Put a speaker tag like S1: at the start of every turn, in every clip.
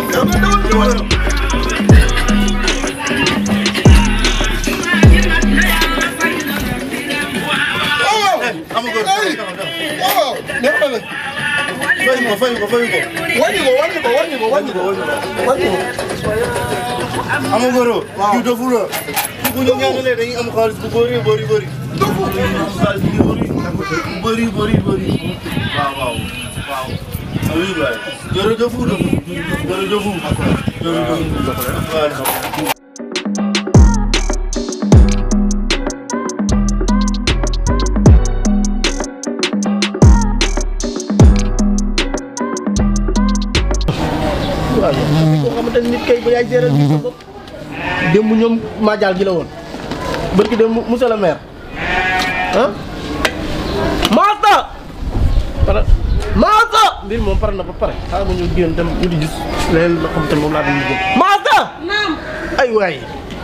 S1: ko fayin ko fayin ko wani ko wani ko wani ko wani ko wani ko amagoro yu dofu la bu ñu ñaanale dañuy am xaalis bu bëri bëri bëri dofu xaalis bu bëri bëri bëri bëri waaw waaw oui waay jërëjëf jërëjëf jërëjëf yaay géral bi sa bopp ñoom majaal gi la woon bërki dem monsieur le Maata Maata ah moom pare na ba pare xaaral ma ñëw génn dem ñu di gis leneen loo te moom laa doon liggéey. Maasta. naam. ay waay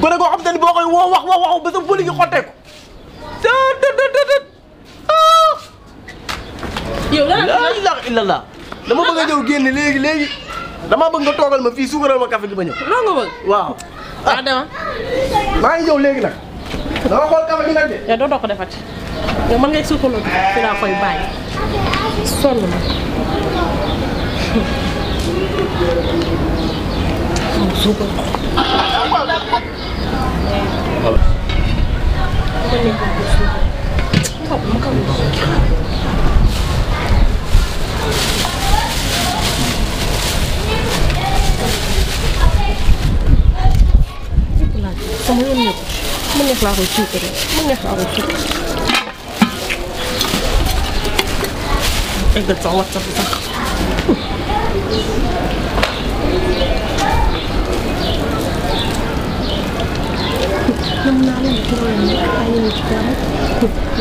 S1: gone goo xam te ne boo koy woo wax wax wax ba sa bëri gi xotteeku. Ah. yow dama bëgg a ñëw génn léegi léegi dama bëgg nga toogal ma fii suukaral ma café gi ba ñëw. loolu nga bëgg waaw. Ah, ah dama. maa ngi ñëw léegi nag. dama xool ko defati yow mën ngay sonn ma suukar sama yoon nekkul mu neex laa koy suukaree mu neex laa koy suukaree Ik ben al te vandaag. Namnalen koren, ayın çıkarı.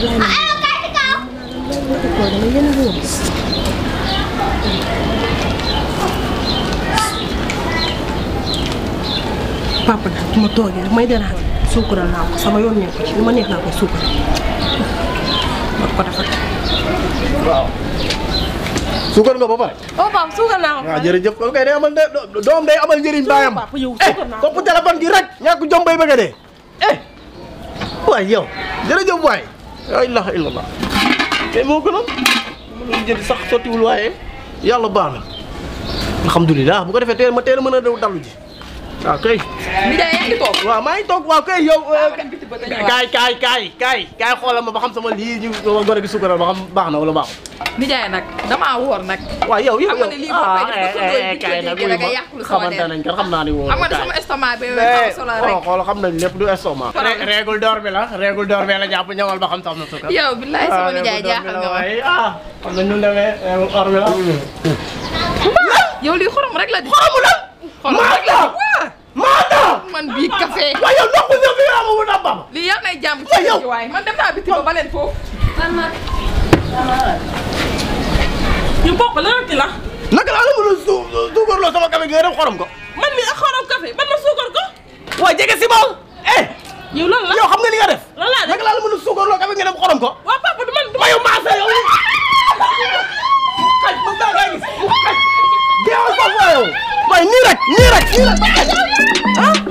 S1: Yani. Koren, yine bu. Papa daal bu ma toogee may deraat suukaral naa ko sama yoon nekku ci li ma neex naa koy suukaral. Ba ko suukar nga ba pare. waaw oh, papa suukar naa ko. waaw ah, jërëjëf kon kay day amal de doom day amal njëriñ baayam. papa yow suukar naa eh, gi rek. ñàkk jom bay bëgg a dee. eh waay yow jërëjëf waay. la ilaha illallah. tey eh, moo gënoon. mënul jënd sax sottiwul waaye yàlla baax na. alhamdulilah bu ko defee teel ma teel a mën a dalu ji. waaw kay. li de yaa ngi toog. waaw maa ngi toog waaw kay yow. kaay kaay kaay kaay kaay xoolal ma ba xam sama lii ñu war a gi sukaral ba xam baax na wala baaxul. nijaay nag damaa woor nag. waaw yow yow yow ah eh eh kaay nag xamante nañ kan xam naa ni wóorul kaay. sama estomac bi xool xam nañ lépp du estomac. règle d'or bi la règle d'or bi la jàpp ñëwal ba xam sax na sukar. yow billaay sama nijaay jaaxal nga waaye ah xam nañ ñu demee règle d'or bi la. yow lii xorom rek la di. xorom la. xorom rek la. tey. waaye yow ndox mi yow mi yow amul ndox waaye man dem naa bitim ba leen foofu. ma. ñu bokk lan la. a ko. man mi ak xorom café man ma suukar ko. waaw jege si bool. eh. yow lan la xam nga li nga def. lan la mën a suukarloo café nga dem xorom ko. waaw papa du man du ma sa yow. waaye waaye nii rek nii